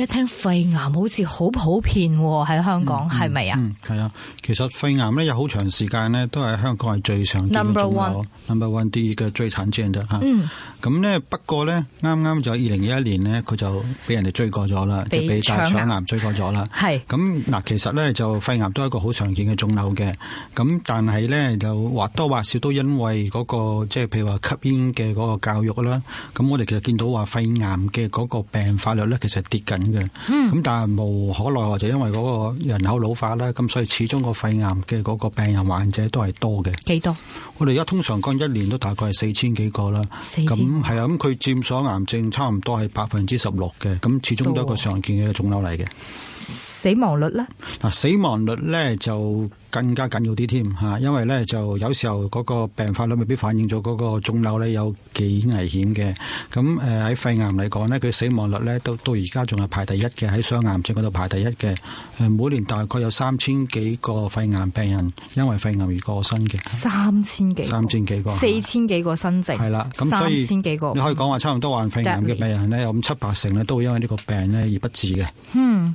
一聽肺癌好似好普遍喎，喺香港係咪啊？嗯，係、嗯、啊、嗯嗯嗯，其實肺癌咧有好長時間咧都係香港係最常見嘅。Number one，number one 第一個最常見的啊。嗯咁咧，不過咧，啱啱就二零一一年咧，佢就俾人哋追過咗啦，就俾大腸癌追過咗啦。係咁嗱，其實咧就肺癌都係一個好常見嘅腫瘤嘅。咁但係咧就或多或少都因為嗰、嗰個即係譬如話吸煙嘅嗰個教育啦。咁我哋其實見到話肺癌嘅嗰個病發率咧，其實跌緊嘅。咁、嗯、但係無可奈何，就因為嗰個人口老化啦，咁所以始終個肺癌嘅嗰個病人患者都係多嘅。幾多？我哋而家通常講一年都大概係四千幾個啦。四千。咁係啊，咁佢佔所癌症差唔多係百分之十六嘅，咁始終都係一個常見嘅腫瘤嚟嘅。死亡率咧？嗱，死亡率咧就。更加緊要啲添嚇，因為咧就有時候嗰個病發率未必反映咗嗰個腫瘤咧有幾危險嘅。咁誒喺肺癌嚟講咧，佢死亡率咧都到而家仲係排第一嘅，喺雙癌症嗰度排第一嘅。誒每年大概有三千幾個肺癌病人因為肺癌而過身嘅。三千幾。三千幾個。四千幾個新症。係啦，咁所以。千幾個。幾個幾個幾個，你可以講話差唔多患肺癌嘅病人咧，有咁七八成咧都會因為呢個病咧而不治嘅。嗯。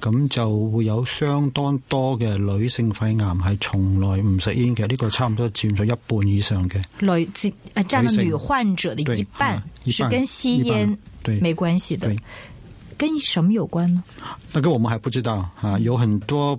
咁就會有相當多嘅女性肺癌係從來唔食煙嘅，呢、這個差唔多佔咗一半以上嘅女占女患者的一半是跟是，跟吸煙對沒關係的，對，跟什麼有關呢？那跟我們還不知道啊，有很多。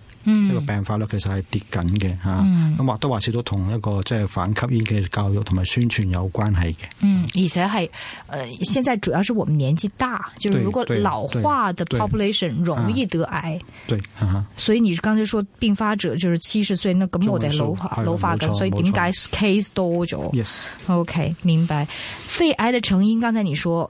一、嗯、個病發率其實係跌緊嘅吓，咁或多或少都同一個即係反吸煙嘅教育同埋宣傳有關係嘅。嗯，而且係，誒、嗯呃，現在主要是我們年紀大，就是如果老化的 population 容易得癌。對，對對對對啊對啊、所以你剛才說病發者就是七十歲，那個我哋老化老化嘅，所以點解 case 多咗。Yes，OK，、okay, 明白。肺癌的成因，剛才你說。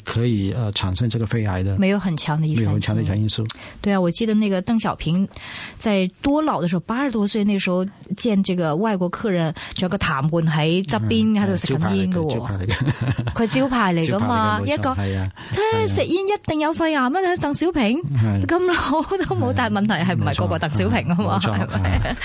可以，呃，產生這個肺癌的，沒有很強的遺傳，沒有很強的遺傳因素。對啊，我記得那個鄧小平，在多老的時候，八十多歲那時候見這個外國客人，仲有個談判喺側邊喺度食緊煙嘅喎，佢、嗯、招、嗯嗯、牌嚟嘅 嘛牌來的，一個，睇食煙一定有肺癌、啊、乜、嗯、鄧小平咁、嗯、老都冇大問題，係唔係個個鄧小平啊嘛？係咪？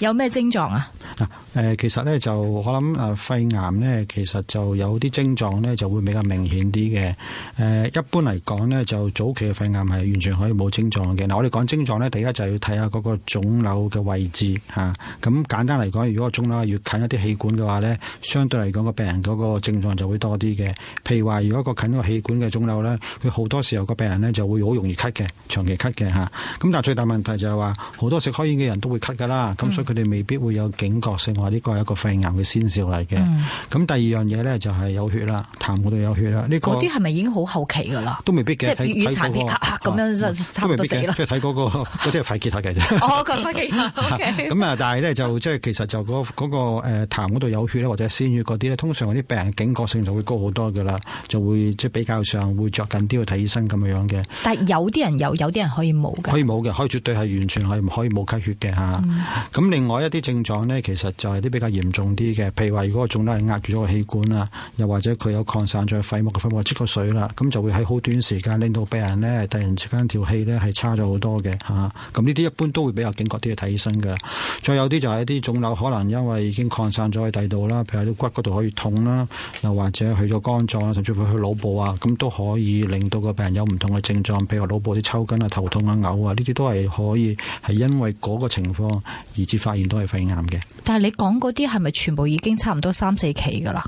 有咩症狀啊？啊誒，其實咧就我諗誒，肺癌咧其實就有啲症狀咧就會比較明顯啲嘅。誒，一般嚟講咧就早期嘅肺癌係完全可以冇症狀嘅。嗱，我哋講症狀咧，第一就係要睇下嗰個腫瘤嘅位置吓。咁簡單嚟講，如果個腫瘤越近一啲氣管嘅話咧，相對嚟講個病人嗰個症狀就會多啲嘅。譬如話如果個近個氣管嘅腫瘤咧，佢好多時候個病人咧就會好容易咳嘅，長期咳嘅吓。咁但係最大問題就係話好多食開煙嘅人都會咳㗎啦，咁、嗯、所以佢哋未必會有警覺性。呢個係一個肺癌嘅先兆嚟嘅，咁、嗯、第二樣嘢咧就係有血啦，痰嗰度有血啦。呢、呢個嗰啲係咪已經好後期噶啦？都未必嘅，即係血痰咁樣就差唔多死啦。即係睇嗰個嗰啲係肺結核嘅啫。 哦，嗰個肺結核。咁、 okay. 但係咧就即係其實就嗰嗰、嗰個誒、嗰個、痰嗰度有血咧，或者鮮血嗰啲咧，通常嗰啲病人警覺性就會高好多噶啦，就會即係比較上會着緊啲去睇醫生咁樣樣嘅。但係有啲人有，有啲人可以冇嘅。可以冇嘅，可以絕對係完全可以冇咳血嘅吓。咁、啊嗯、另外一啲症狀呢，其實就是啲比較嚴重啲嘅，譬如話如果個腫瘤係壓住咗個氣管啦，又或者佢有擴散咗肺膜嘅肺膜積過水啦，咁就會喺好短時間令到病人呢，突然之間條氣呢，係差咗好多嘅嚇。咁呢啲一般都會比較警覺啲去睇醫生嘅。再有啲就係一啲腫瘤可能因為已經擴散咗喺第度啦，譬如喺骨嗰度可以痛啦，又或者去咗肝臟啦，甚至乎去腦部啊，咁都可以令到個病人有唔同嘅症狀，譬如話腦部啲抽筋啊、頭痛啊、嘔啊，呢啲都係可以係因為嗰個情況而至發現都係肺癌嘅。但係你講嗰啲係咪全部已經差唔多三四期噶啦？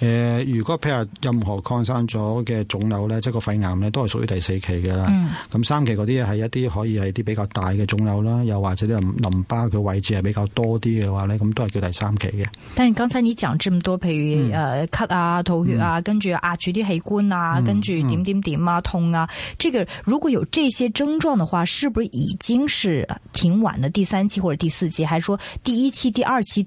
誒、呃，如果譬如任何擴散咗嘅腫瘤咧，即係個肺癌咧，都係屬於第四期嘅啦。咁、嗯、三期嗰啲係一啲可以係啲比較大嘅腫瘤啦，又或者啲淋巴嘅位置係比較多啲嘅話咧，咁都係叫第三期嘅。但係剛才你講咁多，譬如誒，咳啊，吐、嗯、血啊，跟住壓住啲器官啊，嗯、跟住點點點啊，痛啊，即、這個如果有這些症狀嘅話，是不是已經是挺晚嘅第三期或者第四期，還是說第一期、第二期？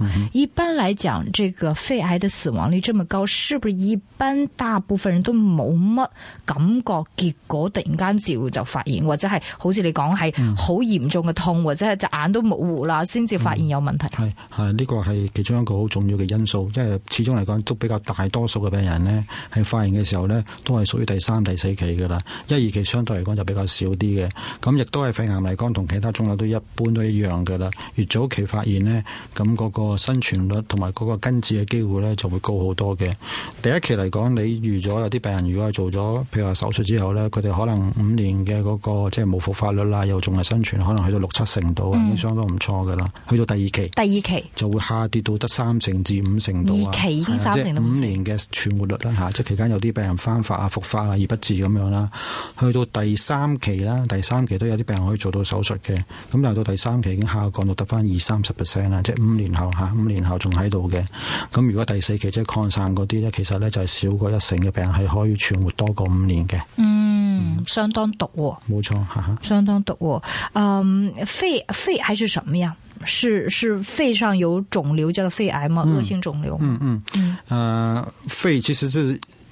嗯、一般來講，這個肺癌的死亡率這麼高，是不是一般大部分人都冇乜感覺？結果突然間照就發現，或者係好似你講係好嚴重嘅痛，或者係隻眼都模糊啦，先至發現有問題。係係呢個係其中一個好重要嘅因素，因為始終嚟講都比較大多數嘅病人呢，喺發現嘅時候呢都係屬於第三、第四期噶啦，一、二期相對嚟講就比較少啲嘅。咁亦都係肺癌嚟講，同其他腫瘤都一般都一樣噶啦，越早期發現呢，咁、那、嗰個。那個生存率同埋嗰個根治嘅機會咧，就會高好多嘅。第一期嚟講，你預咗有啲病人如果係做咗，譬如話手術之後咧，佢哋可能五年嘅嗰、那個即係冇復發率啦，又仲係生存，可能去到六七成度，已、嗯、經相當唔錯噶啦。去到第二期，第二期就會下跌到得三成至五成度啊。即係五年嘅存活率啦，吓，即係期間有啲病人翻發啊、復發啊、而不治咁樣啦。去到第三期啦，第三期都有啲病人可以做到手術嘅，咁又到第三期已經下降到得翻二三十 percent 啦，即係五年後。吓，五年後仲喺度嘅。咁如果第四期即係擴散嗰啲咧，其實咧，就係少過一成嘅病係可以存活多過五年嘅，嗯。嗯，相當毒，哦，冇錯吓，相當毒，嗯、哦呃，肺肺係是什麼樣？是是肺上有腫瘤叫做肺癌嘛，惡性腫瘤？嗯嗯嗯，嗯嗯呃、肺其、就、實是。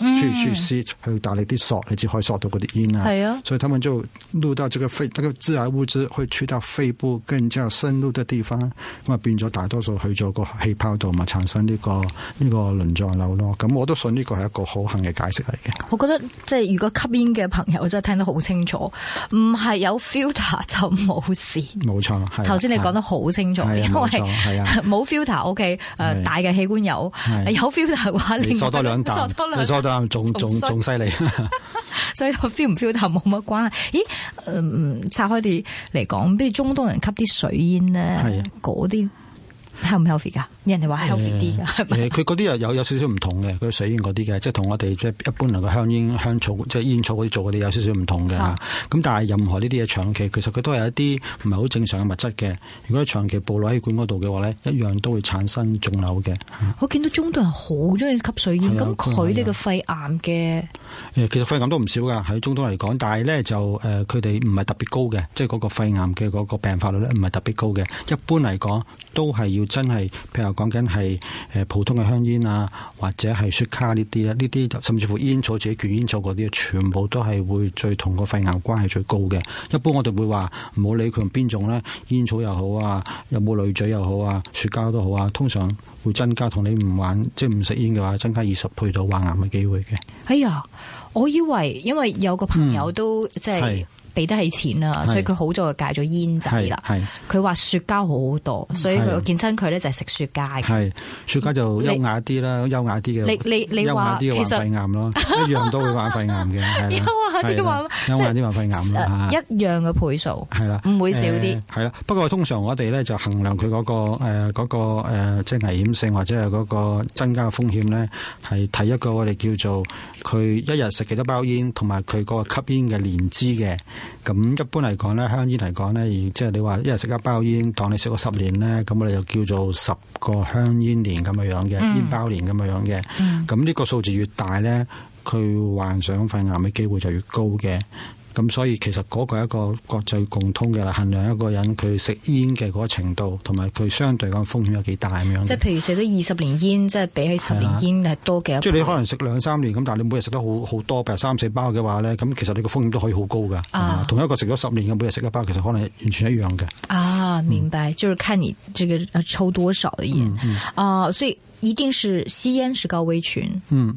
嗯、去去吸去打你啲索，你就可以索到嗰啲煙啊。係啊，所以他們就入到這個肺、這個，這個致癌物質會去到肺部跟住之後深入嘅地方，咁啊變咗大多數去咗個氣泡度，咪產生呢個呢個鱗狀瘤咯。咁我都信呢個係一個可行嘅解釋嚟嘅。我覺得即係如果吸煙嘅朋友真係聽得好清楚，唔係有 filter 就冇事。冇錯，頭先、啊、你講得好清楚，因為冇、啊、filter，OK，、啊 okay, 啊、大嘅器官有，啊、有 filter 嘅話，啊、你索多兩啖，索多兩。仲仲仲犀利， 所以我 feel 唔 feel 都冇乜關係。咦，嗯，拆開啲嚟講，比如中東人吸啲水煙咧，係嗰啲。係唔係好健康噶？人哋話係好健康啲嘅。佢嗰啲又有有少少唔同嘅，佢水煙嗰啲嘅，即係同我哋即係一般嚟講，香煙香草即係煙草嗰啲做嗰啲有少少唔同嘅。咁但係任何呢啲嘢長期，其實佢都係一啲唔係好正常嘅物質嘅。如果長期暴露喺血管嗰度嘅話咧，一樣都會產生腫瘤嘅。我見到中東人好中意吸水煙，咁佢哋嘅肺癌嘅，誒、嗯，其實肺癌都唔少噶，喺中東嚟講，但係咧就誒，佢哋唔係特別高嘅，即係嗰個肺癌嘅嗰個病發率咧唔係特別高嘅。一般嚟講都係要。真係，譬如講緊係誒普通嘅香煙啊，或者係雪茄呢啲啦，呢啲甚至乎煙草自己捲煙草嗰啲，全部都係會最同個肺癌關係最高嘅。一般我哋會話，唔好理佢用邊種咧，煙草又好啊，有冇濾嘴又好啊，雪茄都好啊，通常會增加同你唔玩即係唔食煙嘅話，增加二十倍到患癌嘅機會嘅。哎呀，我以為因為有個朋友都、嗯、即係。俾得起錢啦，所以佢好早就戒咗煙仔啦。佢話雪茄好好多，所以佢健身佢咧就係食雪茄嘅。雪茄就優雅啲啦，優雅啲嘅。優雅啲嘅話肺癌咯、 就是，一樣都會話肺癌嘅。優雅啲嘅話肺癌啦，一樣嘅倍數。係啦，唔會少啲。係啦，不過通常我哋咧就衡量佢嗰、嗰個誒嗰個誒即係危險性或者係嗰個增加嘅風險咧，係睇一個我哋叫做佢一日食幾多包煙，同埋佢嗰個吸煙嘅年資嘅。咁一般嚟講咧，香煙嚟講咧，即係你話一日食一包煙，當你食咗十年咧，咁我哋就叫做十個香煙年咁樣嘅、嗯，煙包年咁樣嘅。咁、嗯、呢個數字越大咧，佢患上肺癌嘅機會就越高嘅。咁、嗯、所以其實嗰個係一個國際共通嘅啦，衡量一個人佢食煙嘅嗰個程度，同埋佢相對嘅風險有幾大咁樣。即係譬如食咗二十年煙，即係比起十年煙係多幾多？即係你可能食兩三年咁，但係你每日食得好好多，譬如三四包嘅話咧，咁其實你個風險都可以好高噶、啊。同一個食咗十年嘅每日食一包，其實可能完全一樣嘅。啊、嗯，明白，就是看你這個抽多少嘅煙啊，嗯嗯 uh, 所以一定是吸煙是高危群。嗯。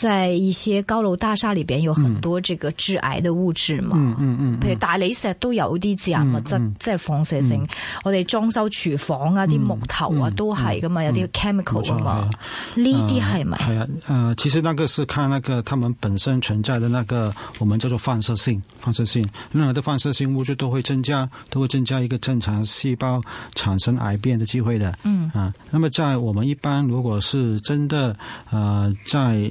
在一些高樓大廈裏邊有很多這個致癌的物質嘛，嗯嗯、嗯，譬如大理石都有啲致癌物質，即係放射性，嗯、我哋裝修廚房啊啲、嗯、木頭啊都係噶嘛，嗯嗯、有啲 chemical 啊、嗯、嘛，呢啲係咪？係啊，呃、啊啊，其實那個是看那個他們本身存在的那個我們叫做放射性，放射性，任何的放射性物質都會增加，都會增加一個正常細胞產生癌變的機會的。嗯啊，那麼在我們一般如果是真的呃在。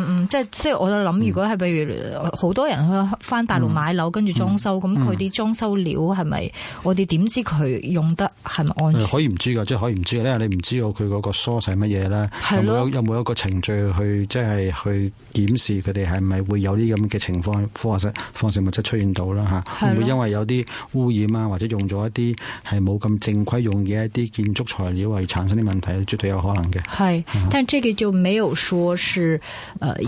即係即係，我就諗，如果係，譬如好多人去翻大陸買樓，跟住裝修，咁佢啲裝修料係咪，嗯？我哋點知佢用得係咪安全？可以唔知噶，即，就，係，是，可以唔知噶，因為你唔知道佢嗰個梳洗乜嘢咧，有冇有冇一個程序去即係去檢視佢哋係咪會有啲咁嘅情況，放射放射物質出現到啦吓？會唔會因為有啲污染啊，或者用咗一啲係冇咁正規用嘅一啲建築材料而產生啲問題？絕對有可能嘅。係，嗯，但係呢個就沒有說是，誒、呃。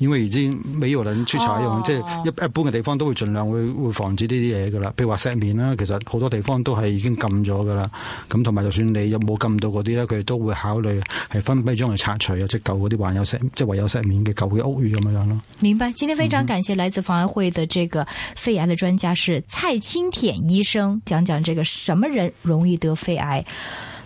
因為而家煤油人出事一樣，即係一一般嘅地方都會盡量會會防止呢啲嘢㗎喇。譬如話石棉啦，其實好多地方都係已經禁咗㗎喇。咁同埋就算你有冇禁到嗰啲咧，佢哋都會考慮係分批將嚟拆除有隻舊嗰啲還有石即係唯有石棉嘅舊嘅屋宇咁樣咯。明白、嗯。今天非常感謝來自防癌會的這個肺癌的專家是蔡清淟醫生，講講這個什麼人容易得肺癌。